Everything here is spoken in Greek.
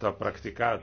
τα πρακτικά